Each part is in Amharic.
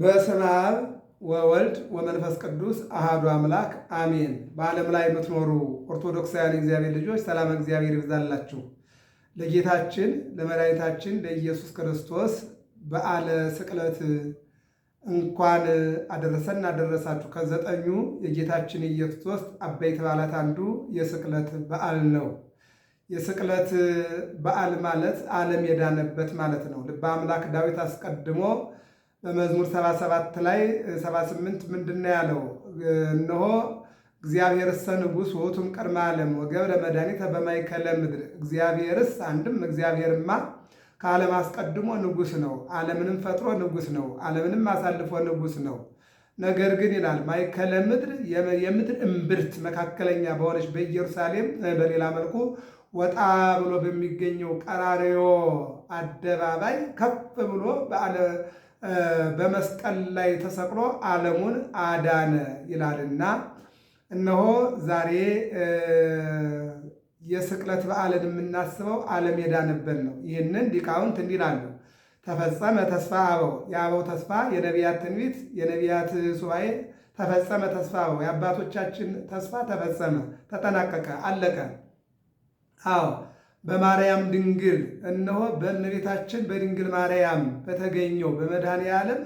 በስመ አብ ወወልድ ወመንፈስ ቅዱስ አሃዱ አምላክ አሜን። በዓለም ላይ የምትኖሩ ኦርቶዶክሳውያን እግዚአብሔር ልጆች ሰላም እግዚአብሔር ይብዛላችሁ። ለጌታችን ለመድኃኒታችን ለኢየሱስ ክርስቶስ በዓለ ስቅለት እንኳን አደረሰን አደረሳችሁ። ከዘጠኙ የጌታችን ኢየሱስ ክርስቶስ አበይት በዓላት አንዱ የስቅለት በዓል ነው። የስቅለት በዓል ማለት ዓለም የዳነበት ማለት ነው። ልበ አምላክ ዳዊት አስቀድሞ በመዝሙር 77 ላይ 78 ምንድን ነው ያለው? እነሆ እግዚአብሔርሰ ንጉሥ ውእቱም ቅድመ ዓለም ወገብረ መድኃኒተ በማእከለ ምድር። እግዚአብሔርስ አንድም እግዚአብሔርማ ከዓለም አስቀድሞ ንጉሥ ነው። ዓለምንም ፈጥሮ ንጉሥ ነው። ዓለምንም አሳልፎ ንጉሥ ነው። ነገር ግን ይላል ማእከለ ምድር የምድር እምብርት መካከለኛ በሆነች በኢየሩሳሌም በሌላ መልኩ ወጣ ብሎ በሚገኘው ቀራንዮ አደባባይ ከፍ ብሎ በመስቀል ላይ ተሰቅሎ ዓለሙን አዳነ ይላልና እነሆ ዛሬ የስቅለት በዓልን የምናስበው ዓለም የዳነበት ነው። ይህንን ሊቃውንት እንዲህ ይላሉ። ተፈጸመ ተስፋ አበው የአበው ተስፋ የነቢያት ትንቢት የነቢያት ሱባኤ ተፈጸመ ተስፋ አበው የአባቶቻችን ተስፋ ተፈጸመ፣ ተጠናቀቀ፣ አለቀ። አዎ በማርያም ድንግል እነሆ በእመቤታችን በድንግል ማርያም በተገኘው በመድኃኔ ዓለም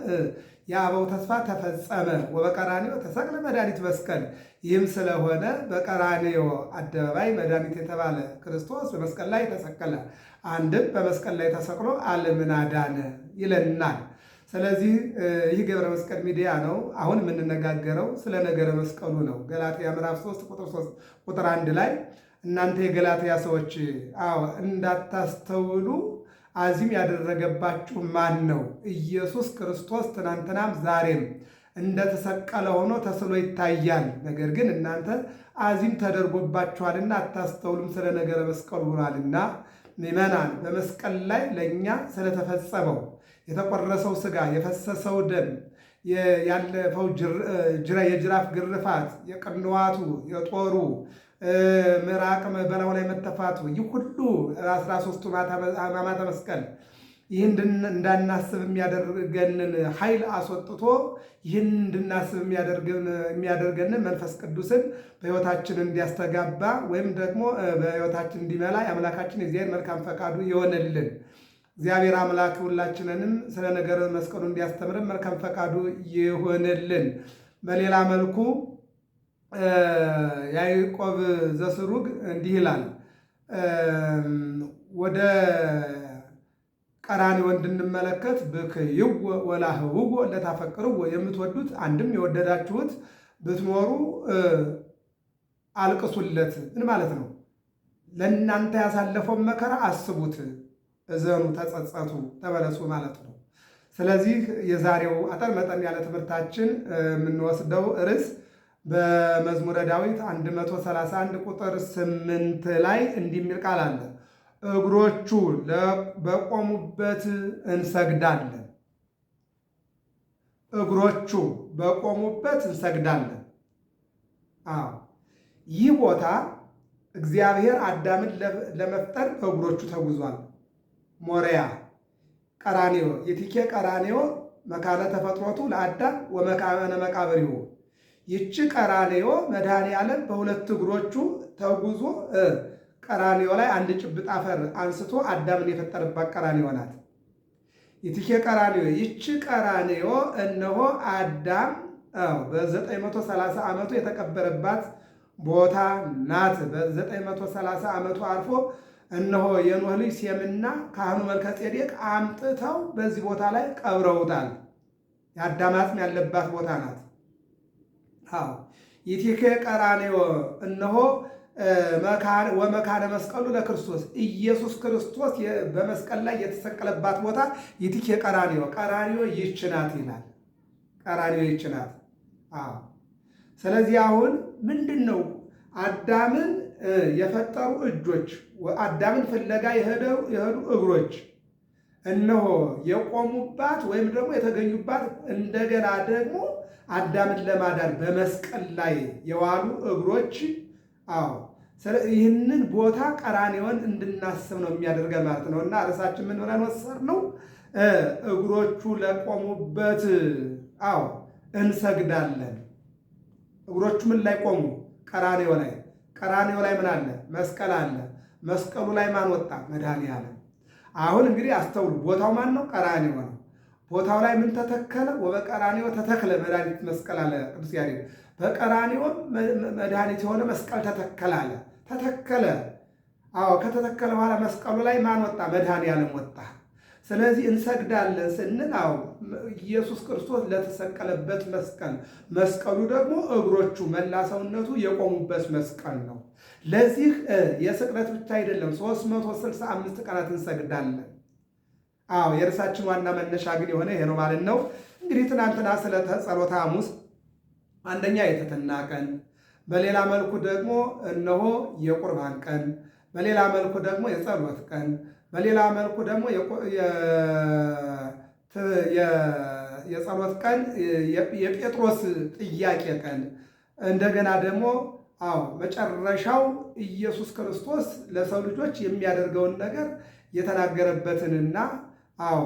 የአበው ተስፋ ተፈጸመ። ወበቀራንዮ ተሰቅለ መድኃኒት መስቀል። ይህም ስለሆነ በቀራኒዮ አደባባይ መድኃኒት የተባለ ክርስቶስ በመስቀል ላይ ተሰቀለ። አንድም በመስቀል ላይ ተሰቅሎ ዓለምን አዳነ ይለናል። ስለዚህ ይህ ገብረ መስቀል ሚዲያ ነው። አሁን የምንነጋገረው ስለ ነገረ መስቀሉ ነው። ገላትያ ምዕራፍ 3 ቁጥር 1 ላይ እናንተ የገላትያ ሰዎች አዎ እንዳታስተውሉ አዚም ያደረገባችሁ ማን ነው? ኢየሱስ ክርስቶስ ትናንትናም ዛሬም እንደተሰቀለ ሆኖ ተስሎ ይታያል። ነገር ግን እናንተ አዚም ተደርጎባችኋልና አታስተውሉም ስለ ነገረ መስቀሉ ብሏልና ምእመናን በመስቀል ላይ ለእኛ ስለተፈጸመው የተቆረሰው ስጋ የፈሰሰው ደም ያለፈው የጅራፍ ግርፋት የቅንዋቱ የጦሩ ምራቅ በላው ላይ መተፋቱ ይህ ሁሉ አስራ ሦስቱ ሕማማተ መስቀል ይህን እንዳናስብ የሚያደርገንን ኃይል አስወጥቶ ይህን እንድናስብ የሚያደርገንን መንፈስ ቅዱስን በሕይወታችን እንዲያስተጋባ ወይም ደግሞ በሕይወታችን እንዲመላ የአምላካችን የእግዚአብሔር መልካም ፈቃዱ የሆነልን። እግዚአብሔር አምላክ ሁላችንንም ስለ ነገረ መስቀሉ እንዲያስተምርን መልካም ፈቃዱ ይሆነልን። በሌላ መልኩ ያዕቆብ ዘስሩግ እንዲህ ይላል ወደ ቀራንዮ እንድንመለከት ብክይው ወላህውጎ ለታፈቅሩ የምትወዱት አንድም የወደዳችሁት ብትኖሩ አልቅሱለት። ምን ማለት ነው? ለእናንተ ያሳለፈውን መከራ አስቡት፣ እዘኑ፣ ተጸጸቱ፣ ተመለሱ ማለት ነው። ስለዚህ የዛሬው አጠር መጠን ያለ ትምህርታችን የምንወስደው ርዕስ በመዝሙረ ዳዊት 131 ቁጥር 8 ላይ እንዲህ የሚል ቃል አለ። እግሮቹ በቆሙበት እንሰግዳለን። እግሮቹ በቆሙበት እንሰግዳለን። አዎ ይህ ቦታ እግዚአብሔር አዳምን ለመፍጠር በእግሮቹ ተጉዟል። ሞሪያ ቀራኔዮ የቲኬ ቀራኒዮ መካነ ተፈጥሮቱ ለአዳም ወመካነ መቃብሪሁ ይቺ ቀራኔዮ መድኃኔ በሁለት እግሮቹ ተጉዞ ቀራኔዮ ላይ አንድ ጭብጥ አፈር አንስቶ አዳምን የፈጠረባት ቀራኔዮ ናት። ይትኬ ቀራኔዮ ይቺ ቀራኔዮ እነሆ አዳም በ930 ዓመቱ የተቀበረባት ቦታ ናት። በ930 ዓመቱ አርፎ እነሆ የኖህ ልጅ ሴምና ካህኑ መልከጼዴቅ አምጥተው በዚህ ቦታ ላይ ቀብረውታል። የአዳም አጽም ያለባት ቦታ ናት። አዎ ይቲኬ ቀራኔዎ እነሆ ወመካነ መስቀሉ ለክርስቶስ ኢየሱስ ክርስቶስ በመስቀል ላይ የተሰቀለባት ቦታ ይቲኬ ቀራኔዎ ቀራኔዎ ይችናት ይላል። ቀራኔዎ ይችናት። አዎ ስለዚህ አሁን ምንድን ነው አዳምን የፈጠሩ እጆች፣ አዳምን ፍለጋ የሄዱ እግሮች እነሆ የቆሙባት ወይም ደግሞ የተገኙባት እንደገና ደግሞ አዳምን ለማዳን በመስቀል ላይ የዋሉ እግሮች። አዎ ይህንን ቦታ ቀራኔውን እንድናስብ ነው የሚያደርገን ማለት ነው። እና ርዕሳችን ምን ብለን ወሰር ነው? እግሮቹ ለቆሙበት አዎ እንሰግዳለን። እግሮቹ ምን ላይ ቆሙ? ቀራኔው ላይ። ቀራኔው ላይ ምን አለ? መስቀል አለ። መስቀሉ ላይ ማን ወጣ? መድኃኔ አሁን እንግዲህ አስተውሉ። ቦታው ማን ነው? ቀራኔው ቦታው ላይ ምን ተተከለ? ወበቀራኒዮ ተተክለ መድኃኒት መስቀል አለ ቅዱስ ያሬድ። በቀራኒዮ መድኃኒት የሆነ መስቀል ተተከለ አለ። ተተከለ። አዎ ከተተከለ በኋላ መስቀሉ ላይ ማን ወጣ? ያለ ወጣ። ስለዚህ እንሰግዳለን ስንል አዎ ኢየሱስ ክርስቶስ ለተሰቀለበት መስቀል፣ መስቀሉ ደግሞ እግሮቹ መላ ሰውነቱ የቆሙበት መስቀል ነው። ለዚህ የስቅለት ብቻ አይደለም፣ 365 ቀናት እንሰግዳለን። አዎ የእርሳችን ዋና መነሻ ግን የሆነ ይሄ ነው ማለት ነው። እንግዲህ ትናንትና ስለ ጸሎተ ሐሙስ አንደኛ የትህትና ቀን፣ በሌላ መልኩ ደግሞ እነሆ የቁርባን ቀን፣ በሌላ መልኩ ደግሞ የጸሎት ቀን፣ በሌላ መልኩ ደግሞ የጸሎት ቀን፣ የጴጥሮስ ጥያቄ ቀን እንደገና ደግሞ አዎ መጨረሻው ኢየሱስ ክርስቶስ ለሰው ልጆች የሚያደርገውን ነገር የተናገረበትንና አዎ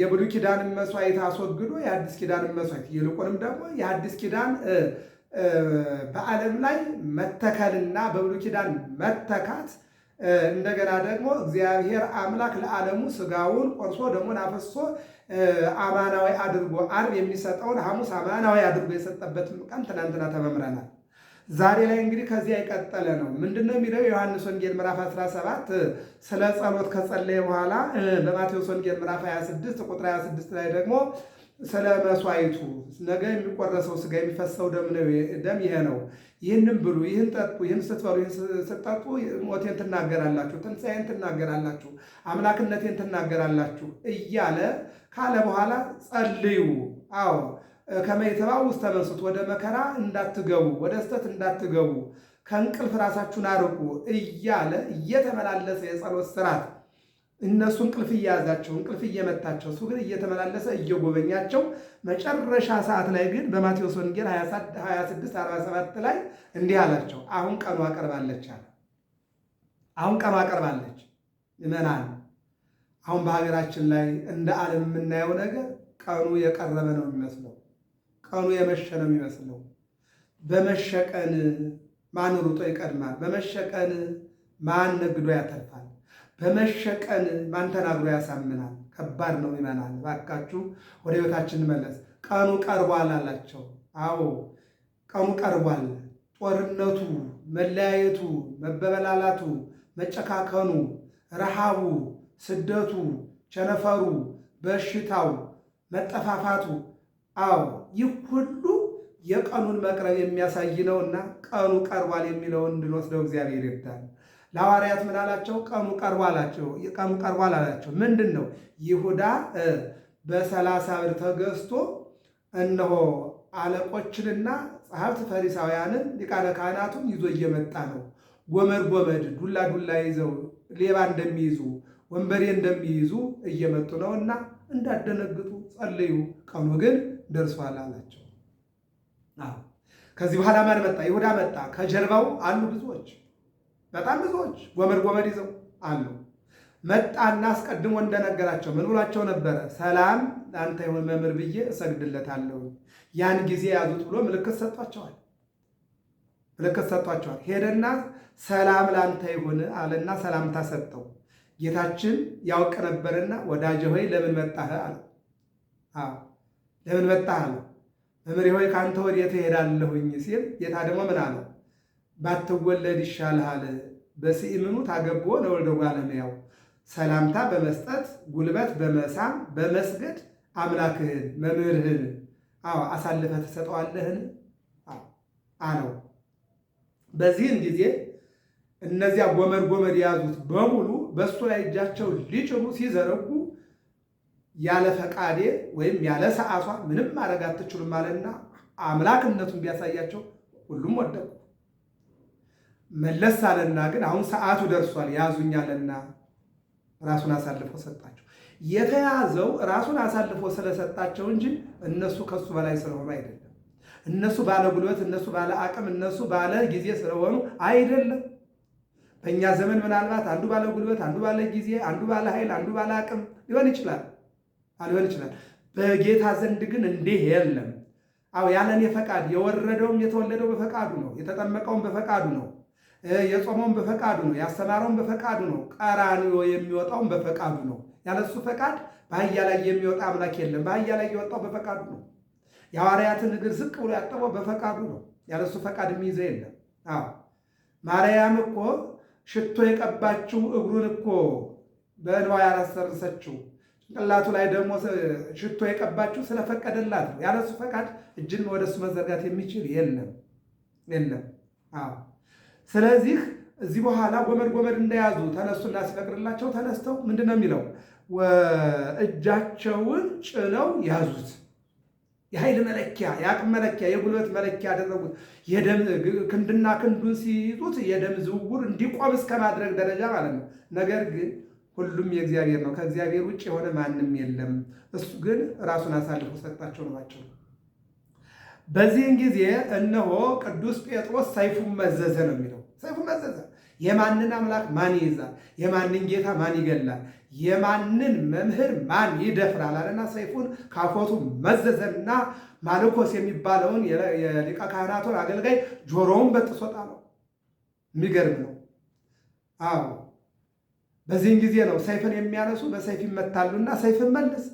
የብሉይ ኪዳን መስዋዕት አስወግዶ የአዲስ ኪዳን መስዋዕት ይልቁንም ደግሞ የአዲስ ኪዳን በዓለም ላይ መተከልና በብሉይ ኪዳን መተካት እንደገና ደግሞ እግዚአብሔር አምላክ ለዓለሙ ስጋውን ቆርሶ ደሙን አፈሶ አማናዊ አድርጎ ዓርብ የሚሰጠውን ሐሙስ አማናዊ አድርጎ የሰጠበትም ቀን ትናንትና ተመምረናል። ዛሬ ላይ እንግዲህ ከዚያ የቀጠለ ነው። ምንድን ነው የሚለው? የዮሐንስ ወንጌል ምዕራፍ 17 ስለ ጸሎት ከጸለየ በኋላ በማቴዎስ ወንጌል ምዕራፍ 26 ቁጥር 26 ላይ ደግሞ ስለ መስዋዕቱ ነገ የሚቆረሰው ስጋ የሚፈሰው ደም ይሄ ነው፣ ይህንም ብሉ፣ ይህን ጠጡ፣ ይህን ስትበሉ፣ ይህን ስትጠጡ ሞቴን ትናገራላችሁ፣ ትንሣኤን ትናገራላችሁ፣ አምላክነቴን ትናገራላችሁ እያለ ካለ በኋላ ጸልዩ። አዎ ከመይተባ ውስጥ ተነሱት ወደ መከራ እንዳትገቡ ወደ ስተት እንዳትገቡ ከእንቅልፍ ራሳችሁን አርቁ እያለ እየተመላለሰ የጸሎት ስርዓት እነሱ እንቅልፍ እየያዛቸው እንቅልፍ እየመታቸው እሱ ግን እየተመላለሰ እየጎበኛቸው መጨረሻ ሰዓት ላይ ግን በማቴዎስ ወንጌል 2647 ላይ እንዲህ አላቸው። አሁን ቀኑ አቀርባለች አለ። አሁን ቀኑ አቀርባለች ይመናል። አሁን በሀገራችን ላይ እንደ ዓለም የምናየው ነገር ቀኑ የቀረበ ነው የሚመስለው። ቀኑ የመሸ ነው የሚመስለው። በመሸቀን ማን ሩጦ ይቀድማል? በመሸቀን ማን ነግዶ ያተርፋል? በመሸቀን ማን ተናግሮ ያሳምናል? ከባድ ነው ይመናል። እባካችሁ ወደ ህይወታችን መለስ። ቀኑ ቀርቧል አላቸው። አዎ ቀኑ ቀርቧል። ጦርነቱ፣ መለያየቱ፣ መበበላላቱ፣ መጨካከኑ፣ ረሃቡ፣ ስደቱ፣ ቸነፈሩ፣ በሽታው፣ መጠፋፋቱ አዎ ይህ ሁሉ የቀኑን መቅረብ የሚያሳይ ነውና ቀኑ ቀርቧል የሚለውን እንድንወስደው እግዚአብሔር ይርዳል። ለሐዋርያት ምን አላቸው? ቀኑ ቀርቧላቸው ቀኑ ቀርቧል አላቸው። ምንድን ነው? ይሁዳ በሰላሳ ብር ተገዝቶ እነሆ አለቆችንና ጸሐፍት ፈሪሳውያንን ሊቃነ ካህናቱን ይዞ እየመጣ ነው። ጎመድ ጎመድ፣ ዱላ ዱላ ይዘው ሌባ እንደሚይዙ ወንበሬ እንደሚይዙ እየመጡ እና እንዳደነግጡ ጸልዩ። ቀኑ ግን ደርሷል አላቸው። አዎ ከዚህ በኋላ ማን መጣ? ይሁዳ መጣ። ከጀርባው አሉ ብዙዎች፣ በጣም ብዙዎች ጎመድ ጎመድ ይዘው አሉ። መጣና አስቀድሞ እንደነገራቸው ምን ብሏቸው ነበረ? ሰላም ለአንተ ይሁን መምህር ብዬ እሰግድለታለሁ። ያን ጊዜ ያዙት ብሎ ምልክት ሰጧቸዋል። ምልክት ሰጧቸዋል። ሄደና ሰላም ለአንተ ይሁን አለና ሰላምታ ሰጠው። ጌታችን ያውቅ ነበርና ወዳጅ ሆይ ለምን መጣህ አለ። ለምን መጣህ አለው። መምህሬ ሆይ ከአንተ ወዴት እሄዳለሁኝ ሲል ጌታ ደግሞ ምን አለው? ባትወለድ ይሻልሃል። በስእምኑ ታገብዎ ለወልደ ጓለመያው ሰላምታ በመስጠት ጉልበት በመሳም በመስገድ አምላክህን መምህርህን አዎ አሳልፈህ ትሰጠዋለህን አለው። በዚህን ጊዜ እነዚያ ጎመድ ጎመድ የያዙት በሙሉ በእሱ ላይ እጃቸው ሊጭኑ ሲዘረጉ ያለ ፈቃዴ ወይም ያለ ሰዓቷ ምንም ማድረግ አትችሉም አለና አምላክነቱን ቢያሳያቸው ሁሉም ወደቁ። መለስ አለና ግን አሁን ሰዓቱ ደርሷል ያዙኝ አለና ራሱን አሳልፎ ሰጣቸው። የተያዘው ራሱን አሳልፎ ስለሰጣቸው እንጂ እነሱ ከሱ በላይ ስለሆኑ አይደለም። እነሱ ባለ ጉልበት፣ እነሱ ባለ አቅም፣ እነሱ ባለ ጊዜ ስለሆኑ አይደለም። በእኛ ዘመን ምናልባት አንዱ ባለ ጉልበት፣ አንዱ ባለ ጊዜ፣ አንዱ ባለ ኃይል፣ አንዱ ባለ አቅም ሊሆን ይችላል። ሊሆን ይችላል። በጌታ ዘንድ ግን እንዲህ የለም። አው ያለኔ ፈቃድ የወረደውም የተወለደው በፈቃዱ ነው። የተጠመቀውም በፈቃዱ ነው። የጾመውም በፈቃዱ ነው። ያስተማረውም በፈቃዱ ነው። ቀራንዮ የሚወጣውም በፈቃዱ ነው። ያለሱ ፈቃድ በአህያ ላይ የሚወጣ አምላክ የለም። በአህያ ላይ የወጣው በፈቃዱ ነው። የሐዋርያትን እግር ዝቅ ብሎ ያጠበው በፈቃዱ ነው። ያለሱ ፈቃድ የሚይዘ የለም። አዎ ማርያም እኮ ሽቶ የቀባችው እግሩን እኮ በእንባ ያላሰርሰችው ጭንቅላቱ ላይ ደግሞ ሽቶ የቀባችው ስለፈቀደላት ነው። ያለሱ ፈቃድ እጅን ወደ መዘርጋት የሚችል የለም የለም። ስለዚህ እዚህ በኋላ ጎመድ ጎመድ እንደያዙ ተነሱና ሲፈቅድላቸው ተነስተው ምንድን ነው የሚለው እጃቸውን ጭነው ያዙት። የኃይል መለኪያ፣ የአቅም መለኪያ፣ የጉልበት መለኪያ ያደረጉት ክንድና ክንዱን ሲይዙት የደም ዝውውር እንዲቆም እስከ ማድረግ ደረጃ ማለት ነው። ነገር ግን ሁሉም የእግዚአብሔር ነው፣ ከእግዚአብሔር ውጭ የሆነ ማንም የለም። እሱ ግን ራሱን አሳልፎ ሰጣቸው ናቸው። በዚህን ጊዜ እነሆ ቅዱስ ጴጥሮስ ሰይፉን መዘዘ ነው የሚለው። ሰይፉን መዘዘ። የማንን አምላክ ማን ይይዛል? የማንን ጌታ ማን ይገላል? የማንን መምህር ማን ይደፍራል? አለና ሰይፉን ካፎቱ መዘዘና ማልኮስ የሚባለውን የሊቀ ካህናቱን አገልጋይ ጆሮውን በጥሶ ጣለው። የሚገርም ነው። አዎ በዚህን ጊዜ ነው ሰይፍን የሚያነሱ በሰይፍ ይመታሉና ሰይፍን መልስ፣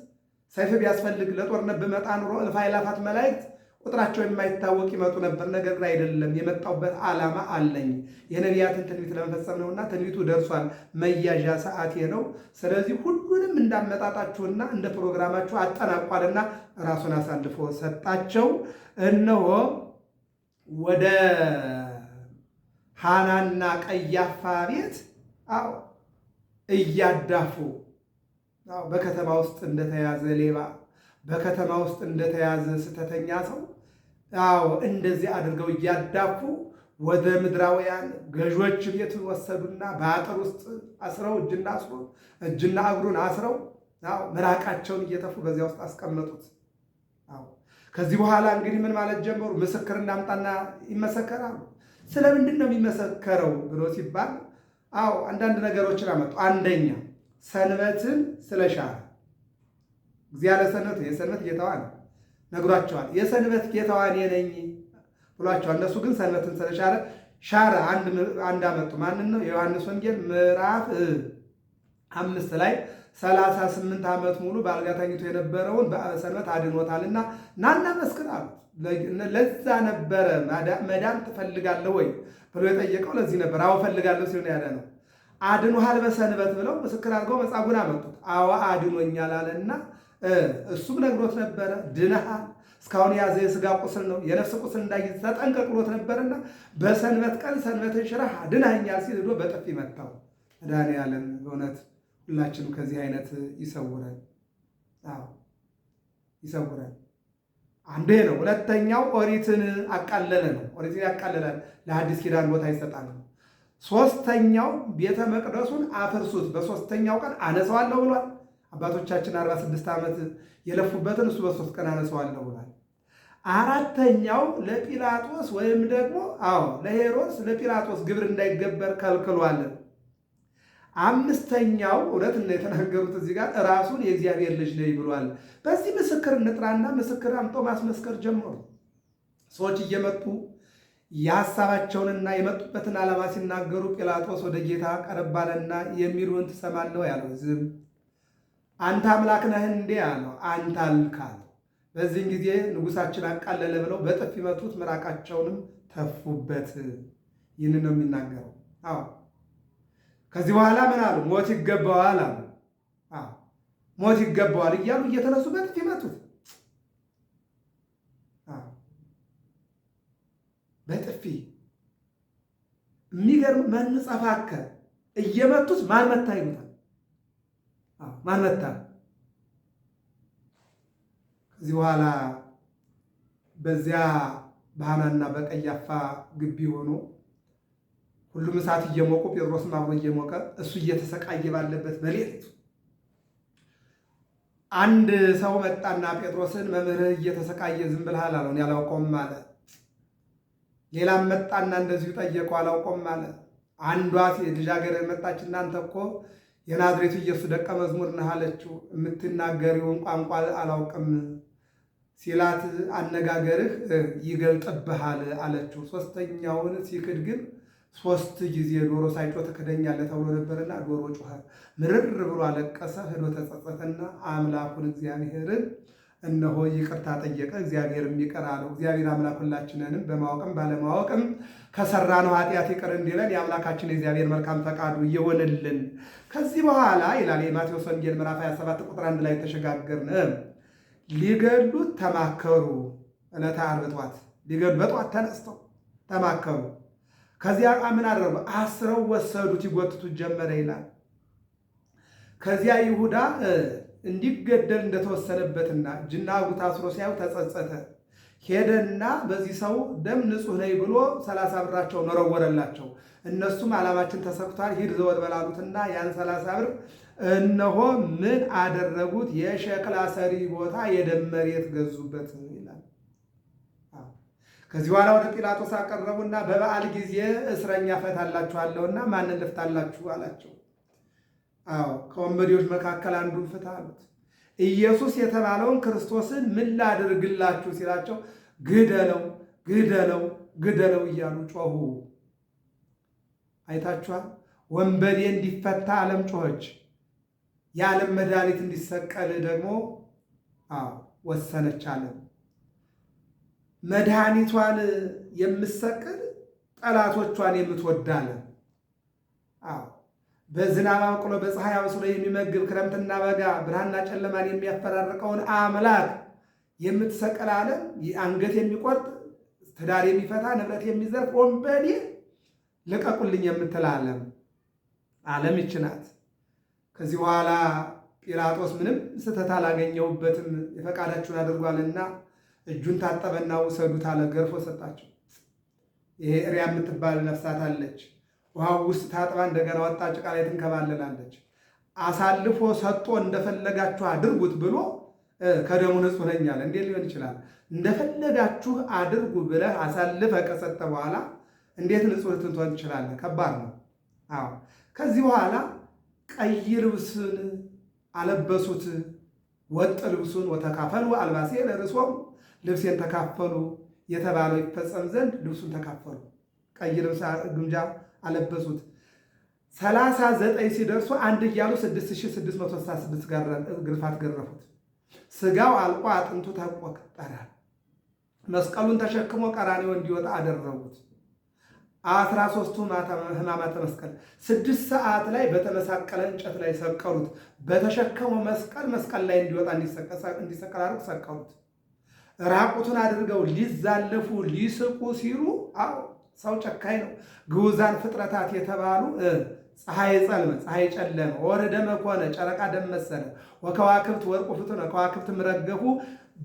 ሰይፍ ቢያስፈልግ ለጦርነት ብመጣ ኑሮ እልፍ አእላፋት መላእክት ቁጥራቸው የማይታወቅ ይመጡ ነበር። ነገር ግን አይደለም፣ የመጣሁበት ዓላማ አለኝ። የነቢያትን ትንቢት ለመፈጸም ነውና ትንቢቱ ደርሷል፣ መያዣ ሰዓቴ ነው። ስለዚህ ሁሉንም እንዳመጣጣችሁና እንደ ፕሮግራማችሁ አጠናቋልና ራሱን አሳልፎ ሰጣቸው። እነሆ ወደ ሃናና ቀያፋ ቤት አዎ እያዳፉ በከተማ ውስጥ እንደተያዘ ሌባ፣ በከተማ ውስጥ እንደተያዘ ስተተኛ ሰው አዎ እንደዚህ አድርገው እያዳፉ ወደ ምድራውያን ገዦች ቤት ወሰዱና በአጥር ውስጥ አስረው እጅና አስሮ እጅና እግሩን አስረው ምራቃቸውን እየተፉ በዚያ ውስጥ አስቀመጡት። ከዚህ በኋላ እንግዲህ ምን ማለት ጀመሩ? ምስክር እናምጣና ይመሰከራሉ። ስለምንድን ነው የሚመሰከረው ብሎ ሲባል አዎ አንዳንድ ነገሮችን አመጡ። አንደኛ ሰንበትን ስለሻረ እግዚአ ለሰንበት የሰንበት ጌታዋ ነው ነግሯቸዋል። የሰንበት ጌታዋ እኔ ነኝ ብሏቸዋል። እነሱ ግን ሰንበትን ስለሻረ ሻረ። አንድ አመጡ። ማንን ነው? የዮሐንስ ወንጌል ምዕራፍ አምስት ላይ ሰላሳ ስምንት ዓመት ሙሉ በአልጋ ተኝቶ የነበረውን በሰንበት አድኖታልና ናና መስክር አሉት። ለዛ ነበረ መዳን ትፈልጋለህ ወይ? ብሎ የጠየቀው ለዚህ ነበር። አዎ እፈልጋለሁ ሲሆን ያለ ነው። አድኖሃል በሰንበት ብለው ምስክር አድርገው መጻጉን አመጡት። አዎ አድኖኛል አለና እሱም ነግሮት ነበረ። ድነሃል፣ እስካሁን የያዘ የስጋ ቁስል ነው የነፍስ ቁስል እንዳይዝ ተጠንቀቅ ነበርና በሰንበት ቀን ሰንበትን ሽረህ አድነኸኛል ሲል ሄዶ በጥፊ መታው። መድኃኔዓለም በእውነት ሁላችንም ከዚህ አይነት ይሰውረን፣ ይሰውረን። አንዱ ነው። ሁለተኛው ኦሪትን አቃለለ ነው። ኦሪትን ያቃለላል ለአዲስ ኪዳን ቦታ ይሰጣል ነው። ሶስተኛው ቤተ መቅደሱን አፍርሱት በሶስተኛው ቀን አነሰዋለሁ ብሏል። አባቶቻችን 46 ዓመት የለፉበትን እሱ በሶስት ቀን አነሰዋለሁ ብሏል። አራተኛው ለጲላጦስ ወይም ደግሞ አዎ ለሄሮድስ ለጲላጦስ ግብር እንዳይገበር ከልክሏል። አምስተኛው እውነት እና የተናገሩት እዚህ ጋር ራሱን የእግዚአብሔር ልጅ ነኝ ብሏል። በዚህ ምስክር እንጥራና ምስክር አምጦ ማስመስከር ጀመሩ። ሰዎች እየመጡ የሀሳባቸውንና የመጡበትን ዓላማ ሲናገሩ ጲላጦስ ወደ ጌታ ቀረብ አለና የሚሉን ትሰማለህ ያለው ዝም። አንተ አምላክ ነህ እንዴ አለው። አንተ አልካል በዚህን ጊዜ ንጉሳችን አቃለለ ብለው በጥፍ መቱት፣ ምራቃቸውንም ተፉበት። ይህን ነው የሚናገረው። አዎ ከዚህ በኋላ ምን አሉ? ሞት ይገባዋል አሉ። ሞት ይገባዋል እያሉ እየተነሱ በጥፊ መቱት። በጥፊ የሚገርም መንጸፋከ እየመቱት ማን መታ ይሉታል። ማን መታ? ከዚህ በኋላ በዚያ በሐናና በቀያፋ ግቢ ሆኖ ሁሉም እሳት እየሞቁ ጴጥሮስም አብሮ እየሞቀ እሱ እየተሰቃየ ባለበት በሌሊቱ አንድ ሰው መጣና ጴጥሮስን መምህርህ እየተሰቃየ ዝም ብለሃል አለው። አለ። ሌላም መጣና እንደዚሁ ጠየቀው፣ አላውቀውም አለ። አንዷ ልጃገረድ መጣች። እናንተ እኮ የናዝሬቱ ኢየሱስ ደቀ መዝሙር ነህ አለችው። የምትናገሪውን ቋንቋ አላውቅም ሲላት አነጋገርህ ይገልጥብሃል አለችው። ሶስተኛውን ሲክድ ግን ሶስት ጊዜ ዶሮ ሳይጮህ ትክደኛለህ ተብሎ ነበርና ዶሮ ጮኸ፣ ምርር ብሎ አለቀሰ። ሄዶ ተጸጸተና አምላኩን እግዚአብሔርን እነሆ ይቅርታ ጠየቀ። እግዚአብሔር ይቅር አለው። እግዚአብሔር አምላክ ሁላችንንም በማወቅም ባለማወቅም ከሰራነው ኃጢአት ይቅር እንዲለን የአምላካችን የእግዚአብሔር መልካም ፈቃዱ ይሆንልን። ከዚህ በኋላ ይላል የማቴዎስ ወንጌል ምዕራፍ 27 ቁጥር 1 ላይ ተሸጋገርን። ሊገሉት ተማከሩ። ዕለተ ዓርብ ጠዋት ሊገሉ በጠዋት ተነስተው ተማከሩ። ከዚያ ምን አደረጉ? አስረው ወሰዱት፣ ይጎትቱት ጀመረ ይላል። ከዚያ ይሁዳ እንዲገደል እንደተወሰነበትና እጅና ታስሮ ሲያዩ ተጸጸተ። ሄደና በዚህ ሰው ደም ንጹህ ነኝ ብሎ ሰላሳ ብራቸው መረወረላቸው። እነሱም ዓላማችን ተሰክቷል፣ ሂድ ዘወድ በላሉትና ያን ሰላሳ ብር እነሆ ምን አደረጉት? የሸክላ ሰሪ ቦታ የደም መሬት ገዙበት ከዚህ በኋላ ወደ ጲላጦስ አቀረቡና በበዓል ጊዜ እስረኛ ፈታላችኋለሁና ማንን ልፍታላችሁ አላቸው። አዎ ከወንበዴዎች መካከል አንዱን ፍታ አሉት። ኢየሱስ የተባለውን ክርስቶስን ምን ላድርግላችሁ ሲላቸው ግደለው፣ ግደለው፣ ግደለው እያሉ ጮሁ። አይታችኋል። ወንበዴ እንዲፈታ ዓለም ጮኸች። የዓለም መድኃኒት እንዲሰቀል ደግሞ ወሰነች ዓለም። መድኃኒቷን የምትሰቅል ጠላቶቿን የምትወዳለ። አዎ በዝናብ አብቅሎ በፀሐይ አብስሎ የሚመግብ ክረምትና በጋ ብርሃንና ጨለማን የሚያፈራርቀውን አምላክ የምትሰቅል ዓለም አንገት የሚቆርጥ ትዳር የሚፈታ ንብረት የሚዘርፍ ወንበዴ ልቀቁልኝ የምትል ዓለም ዓለም ይችናት። ናት። ከዚህ በኋላ ጲላጦስ ምንም ስህተት አላገኘውበትም የፈቃዳችሁን አድርጓልና እጁን ታጠበና ውሰዱት አለ። ገርፎ ሰጣቸው። ይሄ እሪያ የምትባል ነፍሳት አለች። ውሃ ውስጥ ታጥባ እንደገና ወጣ፣ ጭቃ ላይ ትንከባለላለች። አሳልፎ ሰጥቶ እንደፈለጋችሁ አድርጉት ብሎ ከደሙ ንጹህ ነኛል። እንዴ ሊሆን ይችላል? እንደፈለጋችሁ አድርጉ ብለህ አሳልፈ ከሰጠ በኋላ እንዴት ንጹህ ልትሆን ትችላለህ? ከባድ ነው። አዎ ከዚህ በኋላ ቀይ ልብስን አለበሱት። ወጥ ልብሱን ወተካፈሉ አልባሴ ለርሶም ልብሴን ተካፈሉ የተባለው ይፈጸም ዘንድ ልብሱን ተካፈሉ። ቀይ ልብስ ግምጃ አለበሱት። ሰላሳ ዘጠኝ ሲደርሱ አንድ እያሉ 6666 ግርፋት ገረፉት። ስጋው አልቆ አጥንቱ ተቆጠረ። መስቀሉን ተሸክሞ ቀራኔው እንዲወጣ አደረጉት። አስራ ሦስቱ ሕማማተ መስቀል ስድስት ሰዓት ላይ በተመሳቀለ እንጨት ላይ ሰቀሉት። በተሸከመው መስቀል መስቀል ላይ እንዲወጣ እንዲሰቀል አድርገው ሰቀሉት። ራቁቱን አድርገው ሊዛለፉ ሊስቁ ሲሉ አዎ ሰው ጨካኝ ነው። ግዑዛን ፍጥረታት የተባሉ ፀሐይ ጸልመ ፀሐይ ጨለመ፣ ወርኅ ደመ ኮነ ጨረቃ ደም መሰለ፣ ወከዋክብት ወርቁ ፍጡነ ከዋክብት ምረገፉ፣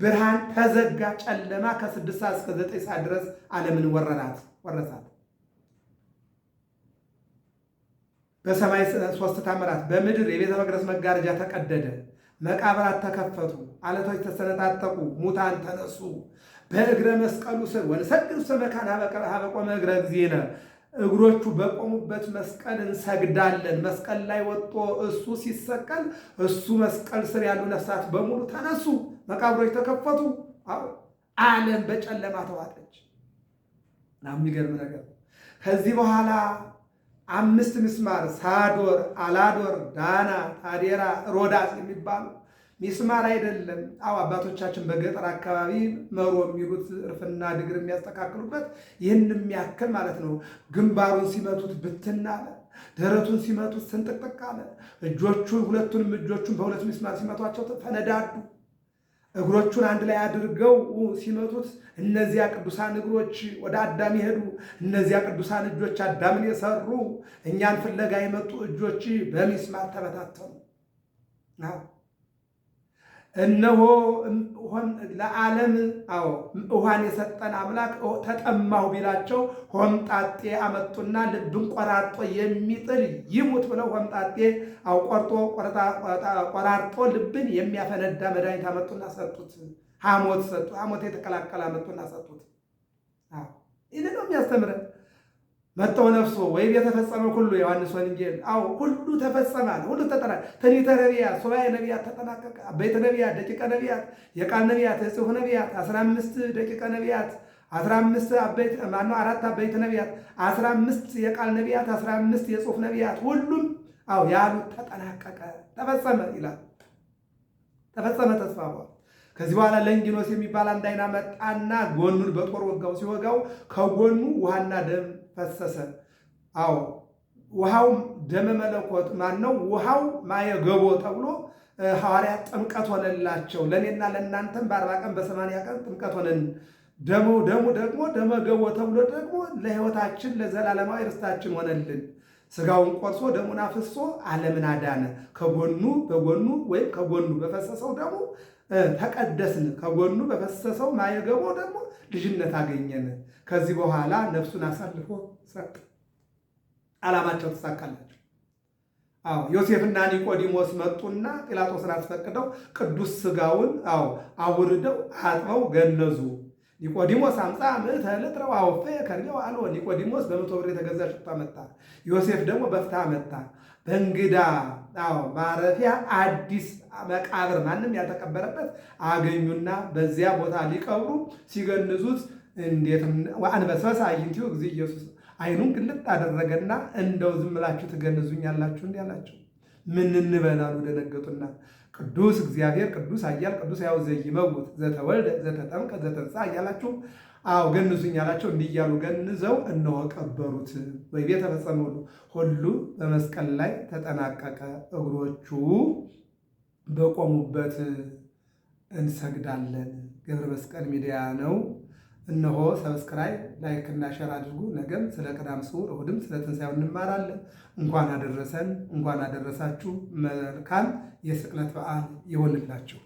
ብርሃን ተዘጋ፣ ጨለማ ከስድስት ሰዓት እስከ ዘጠኝ ሰዓት ድረስ ዓለምን ወረራት ወረሳት። በሰማይ ሶስት ታምራት፣ በምድር የቤተ መቅደስ መጋረጃ ተቀደደ፣ መቃብራት ተከፈቱ፣ አለቶች ተሰነጣጠቁ፣ ሙታን ተነሱ። በእግረ መስቀሉ ስር ወንሰግድ ስመካን ሀበቆመ እግረ ጊዜነ እግሮቹ በቆሙበት መስቀል እንሰግዳለን። መስቀል ላይ ወጥቶ እሱ ሲሰቀል እሱ መስቀል ስር ያሉ ነፍሳት በሙሉ ተነሱ፣ መቃብሮች ተከፈቱ፣ ዓለም በጨለማ ተዋጠች። የሚገርም ነገር ከዚህ በኋላ አምስት ምስማር ሳዶር፣ አላዶር፣ ዳና፣ ታዴራ፣ ሮዳስ የሚባሉ ሚስማር አይደለም። አዎ አባቶቻችን በገጠር አካባቢ መሮ የሚሉት እርፍና ድግር የሚያስተካክሉበት ይህን የሚያክል ማለት ነው። ግንባሩን ሲመቱት ብትና አለ፣ ደረቱን ሲመቱት ስንጥቅጥቅ አለ። እጆቹን ሁለቱንም እጆቹን በሁለት ሚስማር ሲመቷቸው ተነዳዱ። እግሮቹን አንድ ላይ አድርገው ሲመቱት እነዚያ ቅዱሳን እግሮች ወደ አዳም ይሄዱ። እነዚያ ቅዱሳን እጆች አዳምን የሰሩ እኛን ፍለጋ የመጡ እጆች በሚስማር ተበታተኑ። እነሆ ለዓለም አዎ ውሃን የሰጠን አምላክ ተጠማሁ ቢላቸው ሆምጣጤ አመጡና ልብን ቆራርጦ የሚጥል ይሙት ብለው ሆምጣጤ አውቆርጦ ቆራርጦ ልብን የሚያፈነዳ መድኃኒት አመጡና ሰጡት። ሐሞት ሰጡት። ሐሞት የተቀላቀለ አመጡና ሰጡት። ይህ ነው የሚያስተምረን። መጥተው ነፍሶ ወይ የተፈጸመ ሁሉ ዮሐንስ ወንጌል አዎ ሁሉ ተፈጸማል። ሁሉ ተጠና ትንቢተ ነቢያት፣ ሱባኤ ነቢያት ተጠናቀቀ። አበይተ ነቢያት፣ ደቂቀ ነቢያት፣ የቃል ነቢያት፣ የጽሑፍ ነቢያት 15 ደቂቀ ነቢያት አበይት ማነው አራት አበይተ ነቢያት 15 የቃል ነቢያት 15 የጽሑፍ ነቢያት ሁሉም አዎ ያሉት ተጠናቀቀ ተፈጸመ ይላል። ተፈጸመ ተስፋ ከዚህ በኋላ ለንጊኖስ የሚባል አንድ አይና መጣና ጎኑን በጦር ወጋው። ሲወጋው ከጎኑ ውሃና ደም ፈሰሰ። አዎ ውሃው ደመ መለኮት ማን ነው? ውሃው ማየገቦ ተብሎ ሐዋርያት ጥምቀት ሆነላቸው። ለእኔና ለእናንተም በአርባ ቀን በሰማንያ ቀን ጥምቀት ሆነን ደሞ ደሙ ደግሞ ገቦ ተብሎ ደግሞ ለሕይወታችን ለዘላለማዊ ርስታችን ሆነልን። ስጋውን ቆርሶ ደሙን አፍሶ ዓለምን አዳነ። ከጎኑ በጎኑ ወይም ከጎኑ በፈሰሰው ደግሞ ተቀደስን፣ ከጎኑ በፈሰሰው ማየገቦ ደግሞ ልጅነት አገኘን። ከዚህ በኋላ ነፍሱን አሳልፎ ሰጥ ዓላማቸው ተሳካላቸው። አዎ ዮሴፍና ኒቆዲሞስ መጡና ጲላጦስን አስፈቅደው ቅዱስ ስጋውን አዎ አውርደው አጥበው ገነዙ። ኒቆዲሞስ አምፃ ምዕተ ልጥረው አውፌ ከርየው አልወ ኒቆዲሞስ በመቶ ብር የተገዛ ሽቶ መጣ። ዮሴፍ ደግሞ በፍታ መጣ። በእንግዳ አዎ ማረፊያ አዲስ መቃብር ማንም ያልተቀበረበት አገኙና በዚያ ቦታ ሊቀብሩ ሲገንዙት እንዴት አንበስበስ አግኝቲው ጊዜ ኢየሱስ አይኑን ግልጥ አደረገና እንደው ዝም ብላችሁ ትገንዙኝ ያላችሁ እንዲ ያላቸው ምን እንበላሉ ደነገጡና ቅዱስ እግዚአብሔር ቅዱስ አያል ቅዱስ ያው ዘይመውት ዘተወልደ ዘተጠምቀ ዘተንሳ እያላችሁ አዎ ገንዙኝ አላቸው። እንዲህ እያሉ ገንዘው እነሆ ቀበሩት። በይቤ ተፈጸመ ሁሉ ሁሉ በመስቀል ላይ ተጠናቀቀ። እግሮቹ በቆሙበት እንሰግዳለን። ገብረ መስቀል ሚዲያ ነው። እነሆ ሰብስክራይብ፣ ላይክ እና ሸር አድርጉ። ነገም ስለ ቀዳም ስዑር እሑድም ስለ ትንሣኤው እንማራለን። እንኳን አደረሰን፣ እንኳን አደረሳችሁ። መልካም የስቅለት በዓል ይሆንላችሁ።